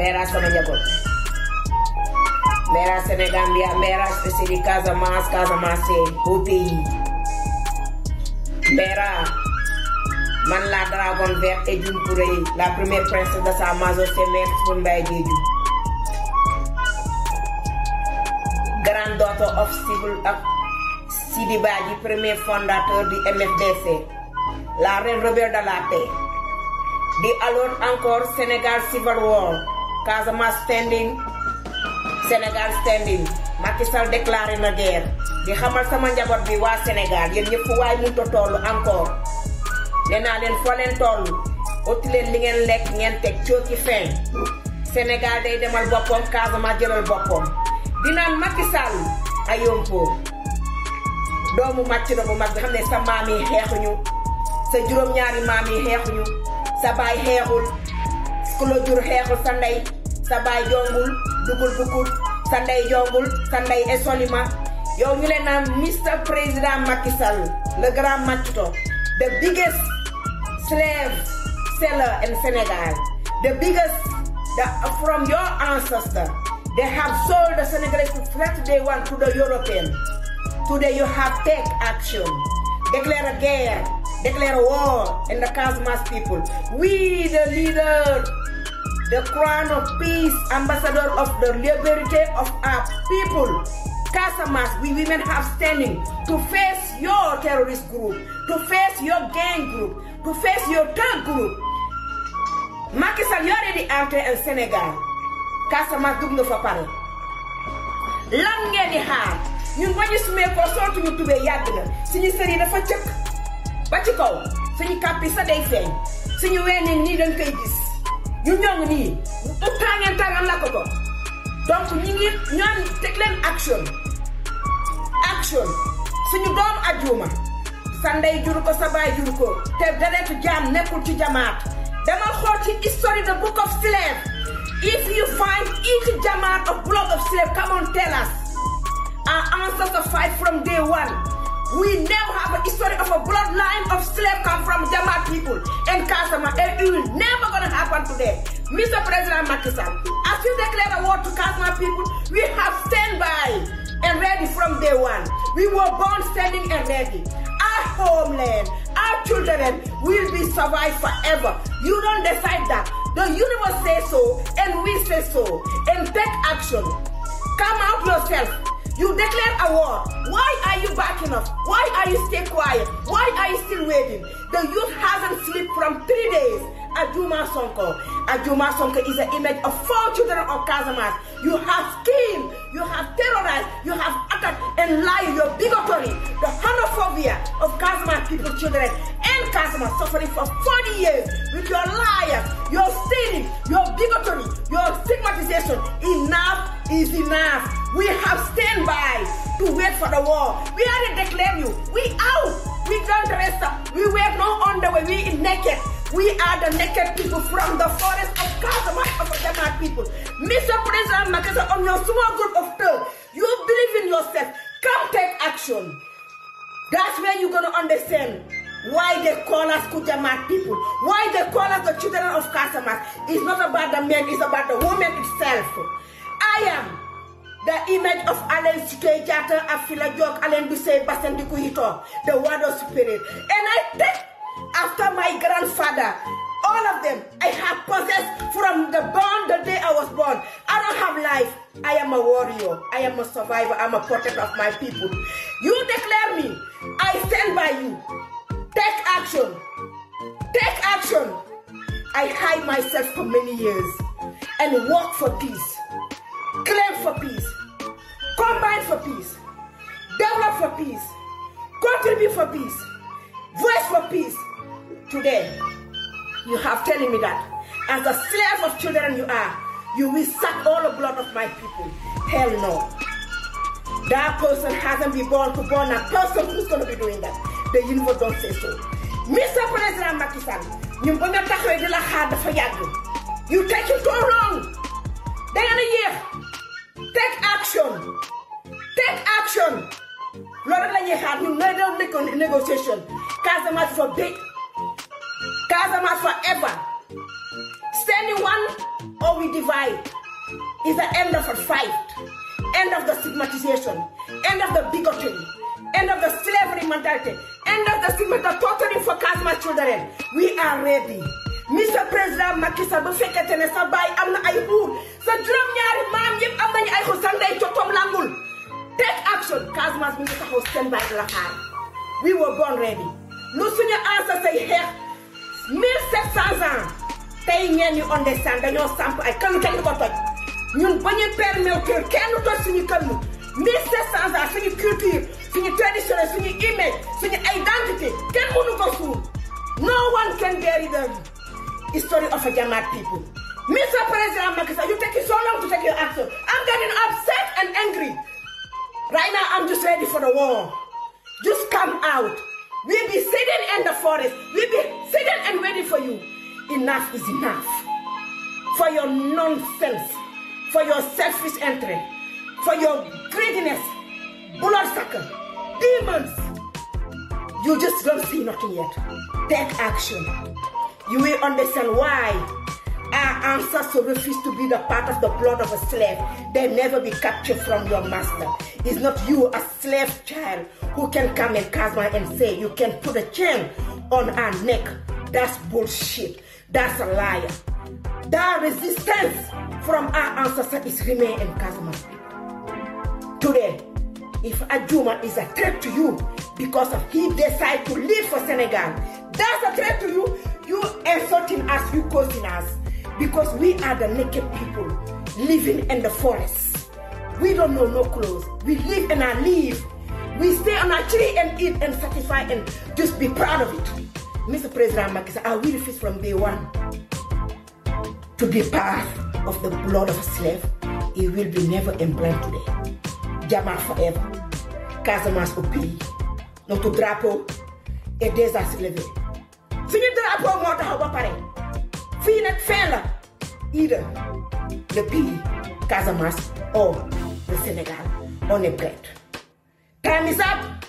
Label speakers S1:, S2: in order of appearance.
S1: Mera sama njaboot Mera Sénégambia Mera spécifique Casamance Casamance beau pays Mera man la dragon vert et la première princesse de sa majesté Mère Coumba Mbaye Diédhiou grande daughter of Sibul ak Sidi Badji premier fondateur du MFDC la reine rebelle de la paix di alors encore Sénégal Civil War Casamance standing Sénégal standing Macky Sall na guerre di xamal sama njaboot bi waa Sénégal yéen ñëpp waaye munta toll encore nee naa leen foo leen toll uti leen li ngeen lekk ngeen teg cooki fin Sénégal day demal boppam Casamance jëlal boppam dinaan Macky Sall ayoon ko doomu màcc na bu mag bi xam ne sa maam yi xeexuñu sa juróom-ñaari maam xeexuñu sa baay xeexul ku xeexul sa ndey sa baay jongul dugul bukut sa ndey jongul sa ndey esolima yow ñu leen naan Mr Président Macky Sall le grand machito the biggest slave seller in Senegal the biggest the from your ancestor they have sold the Senegalese to flat they want to the European today you have take action declare a guerre declare a war and the Casamance people we the leader the crown of peace, ambassador of the liberty of our people. Casamas, we women have standing to face your terrorist group, to face your gang group, to face your drug group. Macky Sall yoo di entré en Sénégal Casamance dugg nga fa pare lan ngeen di xaar ñun ba ñu be ko sootuñu tubee yàgg na suñu sëriñ dafa cëkk ba ci kaw suñu kapi sa day feeñ suñu weeneen nii dañ koy gis ñu ñoŋ nii autant ngeen tàngal la ko ko donc ñi ngi ñoom teg leen action action suñu doom ajuma sa ndey juru ko sa baay juru ko te deretu jaam nekkul ci jamaat demal xool ci history the book of slave if you find each jamaat of blood of slave come on tell us our ancestors fight from day one We never have a history of a bloodline of slave come from Jama people and Kasama, and you will never today. Mr. President Macky as you declare a war to Kazma people, we have stand by and ready from day one. We were born standing and ready. Our homeland, our children will be survived forever. You don't decide that. The universe says so, and we say so. And take action. Come out yourself. You declare a war. Why are you backing up? Why are you stay quiet? Why are you still waiting? The youth hasn't slept from three days. Ajuma Sonko. Ajuma Sonko is an image of four children of Kazamas. You have killed, you have terrorized, you have attacked and lied your bigotry, the xenophobia of Kazama people children and Kazama suffering for 40 years with your liars, your stealing, your bigotry, your stigmatization. Enough is enough. We have stand by to wait for the war. We already declare you. We out. We don't rest up. We wear no underwear. We naked. We are the naked people from the forest of Kazama of Adama people. Mr. President Makasa, on your small group of people, you believe in yourself. Come take action. That's where you're going to understand why they call us Kujama people, why they call us the children of customers? It's not about the men, it's about the woman itself. I am the image of Alan Sikejata Afila Jok Alan Dusei Basendiku Hito, the water of spirit. And I take after my grandfather. All of them I have possessed from the born the day I was born. I don't have life. I am a warrior. I am a survivor. I'm a protector of my people. You declare me. I stand by you. Take action. Take action. I hide myself for many years and work for peace, claim for peace, combine for peace, develop for peace, contribute for peace, voice for peace today you have telling me that as a slave of children you are, you will suck all the blood of my people. Hell no. That person hasn't been born to born a person who's going to be doing that. The universe don't say so. Mr. President Macky you ñun ba nga wrong. di la xaar you a yéex take action take action loolu rek la ñuy xaar ñun nooy for big Kazamat forever. Standing one or we divide is the end of a fight, end of the stigmatization, end of the bigotry, end of the slavery mentality, end of the stigma, the torturing for Kazma children. We are ready. Mr. President Makisa, Sall bu Amna ne sa drum am na ay buur sa juróom-ñaari maam yëpp am nañu ay langul take action Kazma's minister will stand by baay la we were born ready lu your answer, say here. 1700 ans tey ñeen ñi on descend dañoo samp ay kanu kenn du ko toj ñun ba ñuy permettre kenn toj suñu kanu 1700 ans suñu culture suñu tradition suñu image suñu identité kenn mënu ko suul no one can bury the history of a Jamaat people. Mr. President Macky Sall, you take so long to take your action. I'm getting upset and angry. Right now, I'm just ready for the war. Just come out. We'll be sitting in the forest. We'll be ready for you. Enough is enough. For your nonsense, for your selfish entry, for your greediness, bloodsucker, demons. You just don't see nothing yet. Take action. You will understand why our ancestors refused to be the part of the blood of a slave. They never be captured from your master. It's not you, a slave child, who can come and Kazma and say, you can put a chain on our neck that's bullshit. That's a liar. That resistance from our ancestors is remain in Kazama. Today, if Ajuma is a threat to you because of he decide to leave for Senegal, that's a threat to you. You insulting us, you causing us. Because we are the naked people living in the forest. We don't know no clothes. We live and I live. We stay on our tree and eat and satisfy and just be proud of it. Mr. President I will refuse from day one to be part of the blood of a slave. He will be never employed today. Jama forever. Casamas au pays. to drapeau est A slave. suñu drapeau moo taxaw ba pare fii nag fee la either le pays Casamance or the Sénégal on a plate. time is up